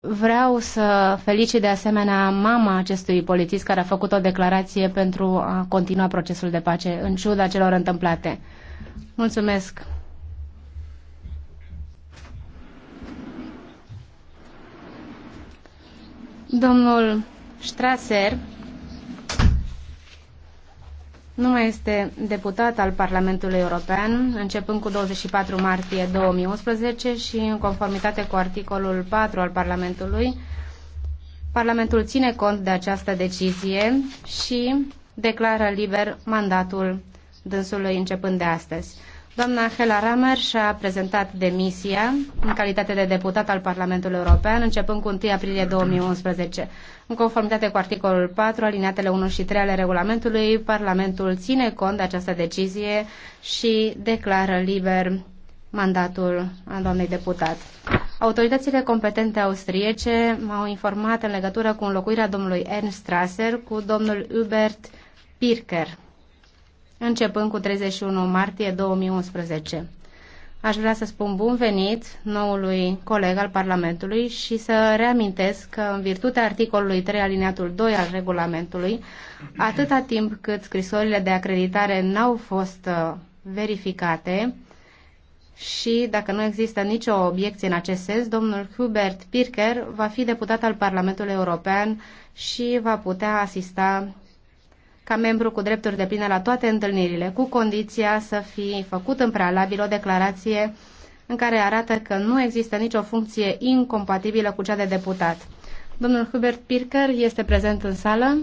Vreau să felicit de asemenea mama acestui polițist care a făcut o declarație pentru a continua procesul de pace în ciuda celor întâmplate. Mulțumesc! Domnul Strasser nu mai este deputat al Parlamentului European, începând cu 24 martie 2011 și în conformitate cu articolul 4 al Parlamentului, Parlamentul ține cont de această decizie și declară liber mandatul dânsului începând de astăzi. Doamna Hela Ramer și-a prezentat demisia în calitate de deputat al Parlamentului European începând cu 1 aprilie 2011. În conformitate cu articolul 4, alineatele 1 și 3 ale regulamentului, Parlamentul ține cont de această decizie și declară liber mandatul a doamnei deputat. Autoritățile competente austriece m-au informat în legătură cu înlocuirea domnului Ernst Strasser cu domnul Hubert Pirker începând cu 31 martie 2011. Aș vrea să spun bun venit noului coleg al Parlamentului și să reamintesc că în virtutea articolului 3 alineatul 2 al regulamentului, atâta timp cât scrisorile de acreditare n-au fost uh, verificate și dacă nu există nicio obiecție în acest sens, domnul Hubert Pirker va fi deputat al Parlamentului European și va putea asista ca membru cu drepturi de plină la toate întâlnirile, cu condiția să fi făcut în prealabil o declarație în care arată că nu există nicio funcție incompatibilă cu cea de deputat. Domnul Hubert Pirker este prezent în sală.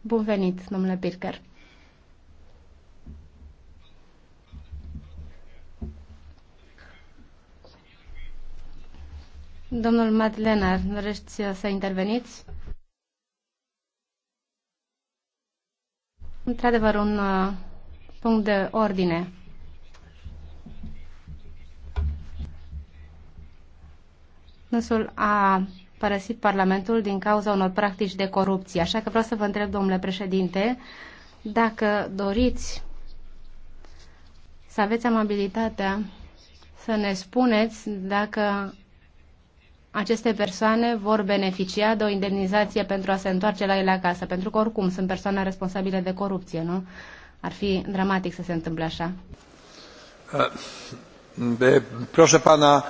Bun venit, domnule Pirker. Domnul Matt Lenar, dorești să interveniți? Într-adevăr, un uh, punct de ordine. Dânsul a părăsit Parlamentul din cauza unor practici de corupție. Așa că vreau să vă întreb, domnule președinte, dacă doriți să aveți amabilitatea să ne spuneți dacă aceste persoane vor beneficia de o indemnizație pentru a se întoarce la ele acasă, pentru că oricum sunt persoane responsabile de corupție, nu? Ar fi dramatic să se întâmple așa. Proszę pana,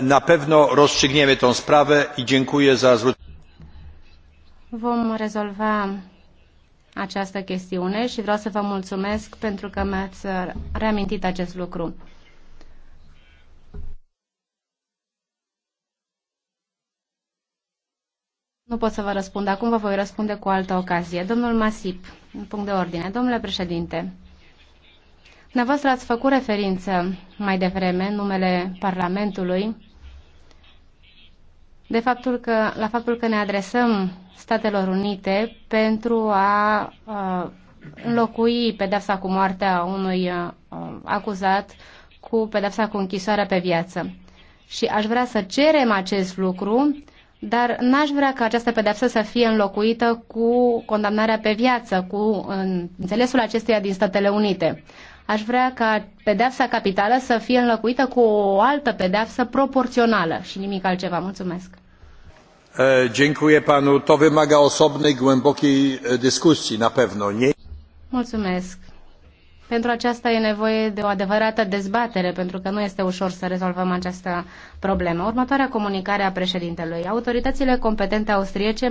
na pewno rozstrzygniemy tą sprawę i dziękuję za zwrócenie. Vom rezolva această chestiune și vreau să vă mulțumesc pentru că mi-ați reamintit acest lucru. Nu pot să vă răspund acum, vă voi răspunde cu altă ocazie. Domnul Masip, în punct de ordine. Domnule președinte, dumneavoastră ați făcut referință mai devreme în numele Parlamentului de faptul că, la faptul că ne adresăm Statelor Unite pentru a, înlocui pedepsa cu moartea unui a, acuzat cu pedepsa cu închisoarea pe viață. Și aș vrea să cerem acest lucru dar n-aș vrea ca această pedeapsă să fie înlocuită cu condamnarea pe viață, cu înțelesul acesteia din Statele Unite. Aș vrea ca pedeapsa capitală să fie înlocuită cu o altă pedeapsă proporțională și nimic altceva. Mulțumesc. Dziękuję panu. To wymaga osobnej, głębokiej dyskusji na pewno. Nie... Mulțumesc. Pentru aceasta e nevoie de o adevărată dezbatere, pentru că nu este ușor să rezolvăm această problemă. Următoarea comunicare a președintelui. Autoritățile competente austriece